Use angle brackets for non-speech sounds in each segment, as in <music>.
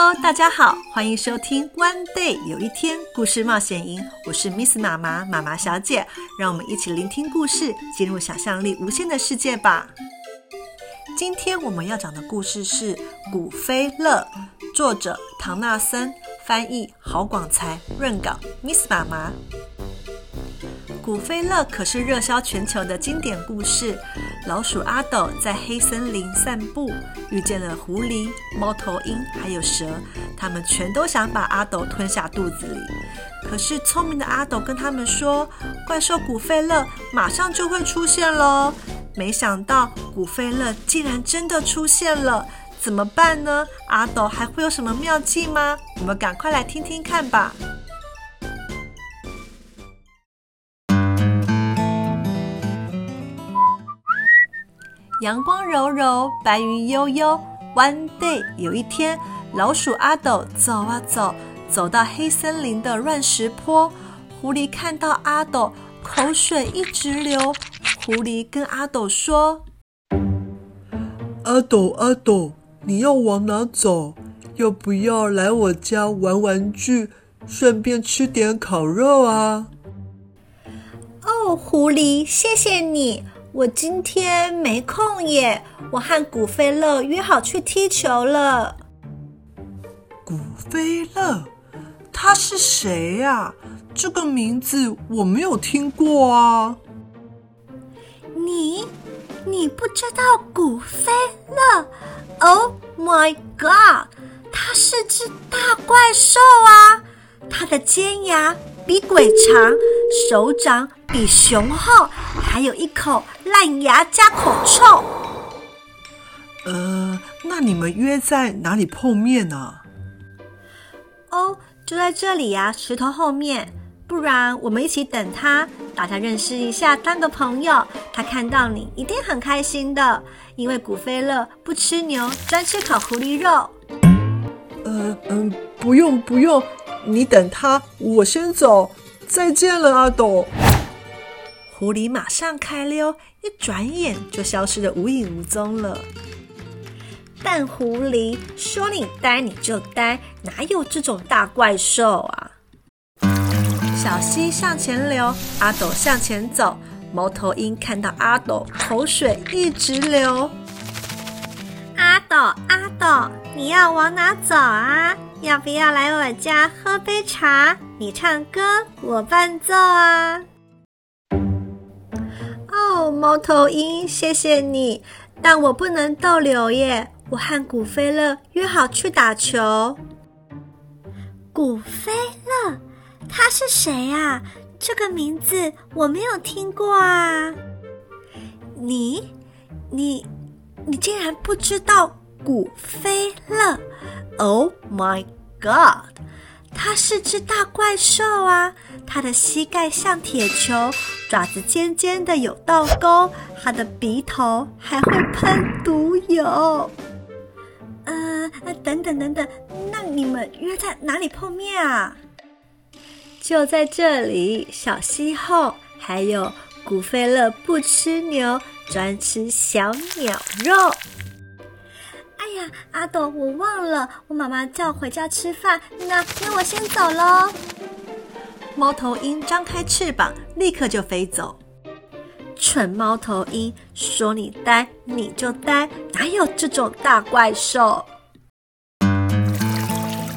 Hello，大家好，歡迎收聽《One Day》有一天故事冒險營，我是 Miss 媽媽媽媽小姐，讓我們一起聆聽故事，進入想象力無限的世界吧。今天我們要講的故事是《古飛樂》，作者唐納森，翻譯郝廣才，潤稿 Miss 媽媽。《古飛樂》可是熱銷全球的經典故事。老鼠阿斗在黑森林散步，遇見了狐狸、貓頭鷹還有蛇，他們全都想把阿斗吞下肚子裡。可是聰明的阿斗跟他們說：“怪獸古飛樂馬上就會出現嘍！”沒想到古飛樂竟然真的出現了，怎麼辦呢？阿斗還會有什麼妙計嗎？我們趕快來聽聽看吧。陽光柔柔，白雲悠悠。One day，有一天，老鼠阿斗走啊走，走到黑森林的亂石坡。狐狸看到阿斗，口水一直流。狐狸跟阿斗說：“阿斗，阿斗，你要往哪兒走？要不要來我家玩玩具，順便吃點烤肉啊？”哦，狐狸，謝謝你。我今天沒空耶，我和古飛樂約好去踢球了。古飛樂，他是誰呀？啊？這個名字我沒有聽過啊。你，你不知道古飛樂？Oh my god！他是隻大怪獸啊，他的尖牙。比鬼長，手掌比熊厚，還有一口爛牙加口臭。呃，那你們約在哪裡碰面呢、啊？哦，就在這裡呀、啊，石頭後面。不然我們一起等他，大家認識一下，當個朋友。他看到你一定很開心的，因為古飛樂不吃牛，專吃烤狐狸肉。呃，嗯、呃，不用不用。你等他，我先走。再見了，阿斗。狐狸馬上開溜，一轉眼就消失得無影無蹤了。笨狐狸，說你呆你就呆，哪有這種大怪獸啊？小溪向前流，阿斗向前走。貓頭鷹看到阿斗，口水一直流。阿斗，阿斗，你要往哪走啊？要不要來我家喝杯茶？你唱歌，我伴奏啊。哦，貓頭鷹，謝謝你，但我不能逗留耶。我和古飛樂約好去打球。古飛樂，他是誰呀？這個名字我沒有聽過啊。你，你，你竟然不知道？古飛樂，Oh my God，它是只大怪獸啊！它的膝蓋像鐵球，爪子尖尖的有倒鈎，它的鼻頭還會噴毒油。嗯、呃，那、呃、等等等等，那你們約在哪裡碰面啊？就在這裡，小溪後。還有，古飛樂不吃牛，專吃小鳥肉。哎呀，阿斗，我忘了，我媽媽叫我回家吃飯，那那我先走嘍。貓頭鷹張開翅膀，立刻就飛走。蠢貓頭鷹，說你呆你就呆，哪有這種大怪獸？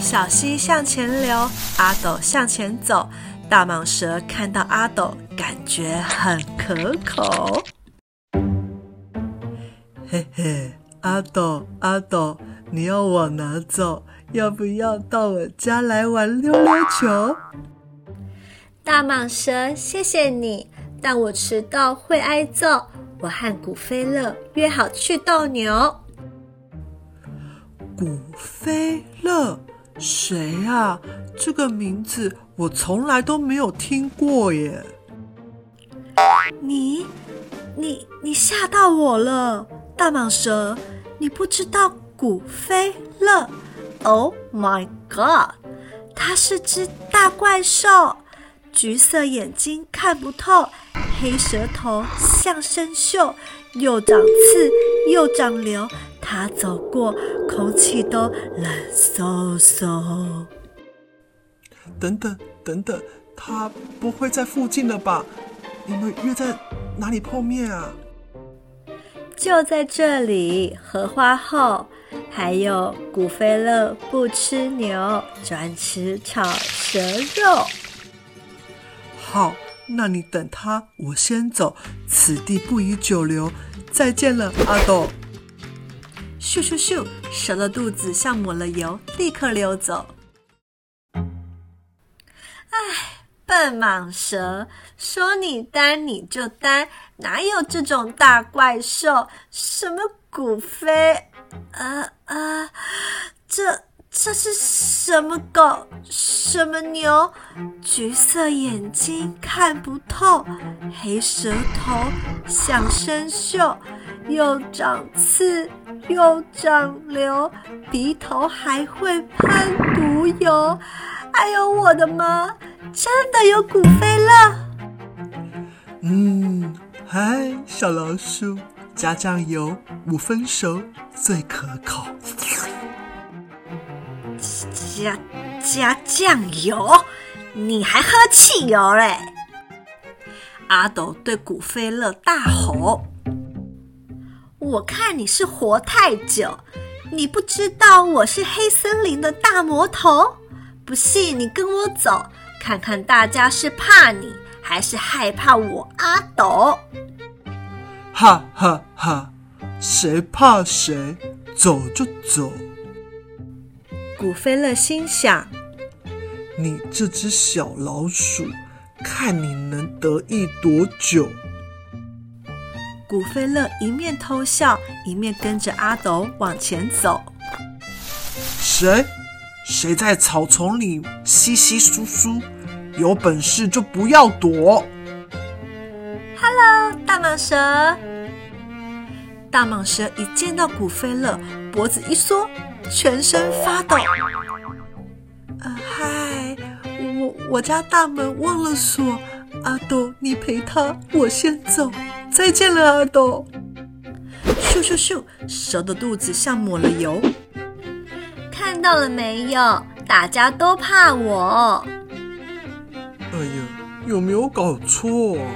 小溪向前流，阿斗向前走。大蟒蛇看到阿斗，感覺很可口。 <noise> <noise> 嘿嘿。阿斗，阿斗，你要往哪走？要不要到我家來玩溜溜球？大蟒蛇，謝謝你，但我遲到會挨揍。我和古飛樂約好去鬥牛。古飛樂，誰啊？這個名字我從來都沒有聽過耶。你，你，你嚇到我了。大蟒蛇，你不知道古飛樂？Oh my god！它是隻大怪獸，橘色眼睛看不透，黑舌頭像生鏽，又長刺又長瘤。它走過，空氣都冷颼颼。等等等等，它不會在附近了吧？你們約在哪裡碰面啊？就在這裡，荷花後還有古飛樂不吃牛，專吃炒蛇肉。好，那你等他，我先走，此地不宜久留，再見了，阿斗。咻咻咻，蛇的肚子像抹了油，立刻溜走。哎。笨蟒蛇說：“你呆你就呆，哪有這種大怪獸？什麼古飛？啊、呃、啊、呃！這這是什麼狗？什麼牛？橘色眼睛看不透，黑舌頭想生鏽，又長刺又長瘤，鼻頭還會噴毒油。還有我的媽！”真的有古飛樂？嗯，嗨，小老鼠，加醬油，五分熟最可口。加加醬油？你還喝汽油嘞？阿斗對古飛樂大吼：“我看你是活太久，你不知道我是黑森林的大魔頭。不信你跟我走。”看看大家是怕你，還是害怕我阿斗？哈哈哈，誰怕誰？走就走。古飛樂心想：“你這隻小老鼠，看你能得意多久？”古飛樂一面偷笑，一面跟着阿斗往前走。誰？誰在草叢裡窸窸窣窣？有本事就不要躲！Hello，大蟒蛇。大蟒蛇一見到古飛樂，脖子一縮，全身發抖。呃，uh，嗨，我我家大門忘了鎖。阿斗，你陪他，我先走。再見了，阿斗。咻咻咻，蛇的肚子像抹了油。看到了沒有？大家都怕我。有沒有搞錯啊？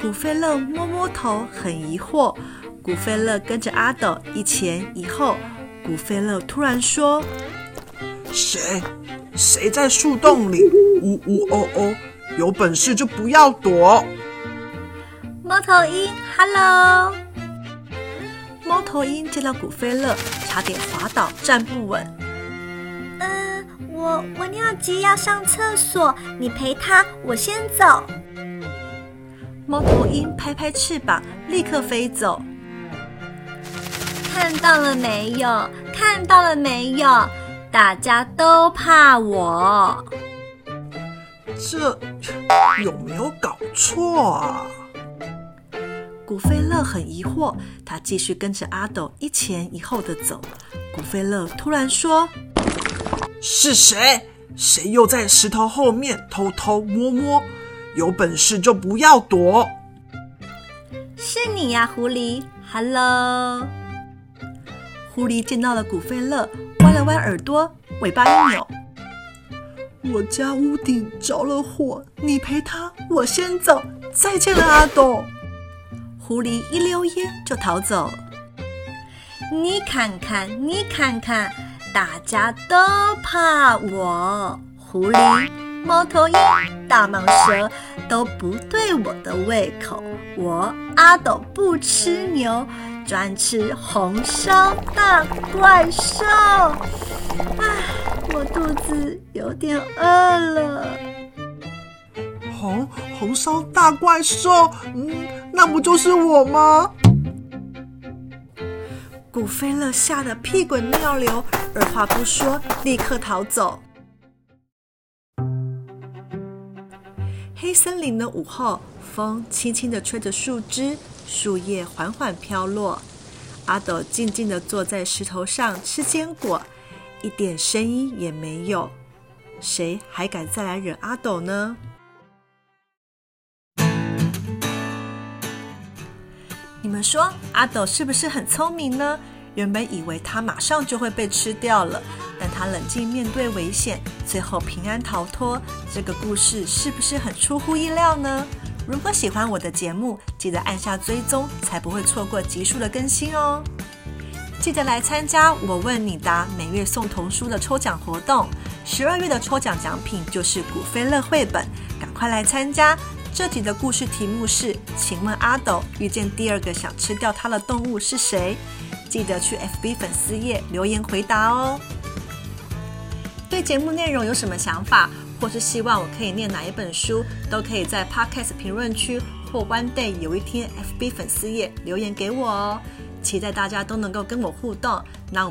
古飛樂摸摸頭，很疑惑。古飛樂跟着阿斗一前一後。古飛樂突然說：“誰？誰在樹洞裡？嗚嗚哦哦哦！有本事就不要躲！”貓頭鷹，哈嘍！貓頭鷹見到古飛樂，差點滑倒，站不穩。我，我尿急要上廁所，你陪他，我先走。貓頭鷹拍拍翅膀，立刻飛走。看到了沒有？看到了沒有？大家都怕我。這有沒有搞錯啊？古飛樂很疑惑，他繼續跟着阿斗一前一後的走。古飛樂突然說。是誰？誰又在石頭後面偷偷摸摸？有本事就不要躲！是你呀、啊，狐狸。哈嘍，狐狸見到了古飛樂，歪了歪耳朵，尾巴一扭。我家屋頂着了火，你陪他，我先走。再見了、啊，阿斗。狐狸一溜煙就逃走。你看看，你看看。大家都怕我，狐狸、貓頭鷹、大蟒蛇都不對我的胃口。我阿斗不吃牛，專吃紅燒大怪獸。啊，我肚子有點餓了。紅、哦、紅燒大怪獸，嗯，那不就是我嗎？古飛樂嚇得屁滾尿流，二話不說，立刻逃走。黑森林的午後，風輕輕的吹着樹枝，樹葉緩緩飄落。阿斗靜靜的坐在石頭上吃堅果，一點聲音也沒有。誰還敢再來惹阿斗呢？你們說阿斗是不是很聰明呢？原本以為他馬上就會被吃掉了，但他冷靜面對危險，最後平安逃脫。這個故事是不是很出乎意料呢？如果喜歡我的節目，記得按下追蹤，才不會錯過集數的更新哦。記得來參加我問你答每月送童書的抽獎活動，十二月的抽獎獎品就是古飛樂繪本，趕快來參加！這集的故事題目是，請問阿斗遇見第二個想吃掉他的動物是誰？記得去 FB 粉絲頁留言回答哦。對節目內容有什麼想法，或是希望我可以念哪一本書，都可以在 Podcast 評論區或 One Day 有一天 FB 粉絲頁留言給我哦。期待大家都能夠跟我互動。那。